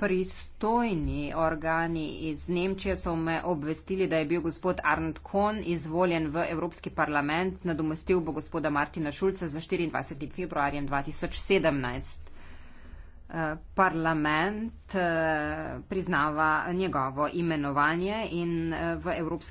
Pristojni organi iz Nemčije so me obvestili, da je bil gospod Arnold Kohn izvoljen v Evropski parlament, nadomestil bo gospoda Martina Šulca za 24. februarjem 2017. Eh, parlament eh, priznava njegovo imenovanje in eh, v Evropskem.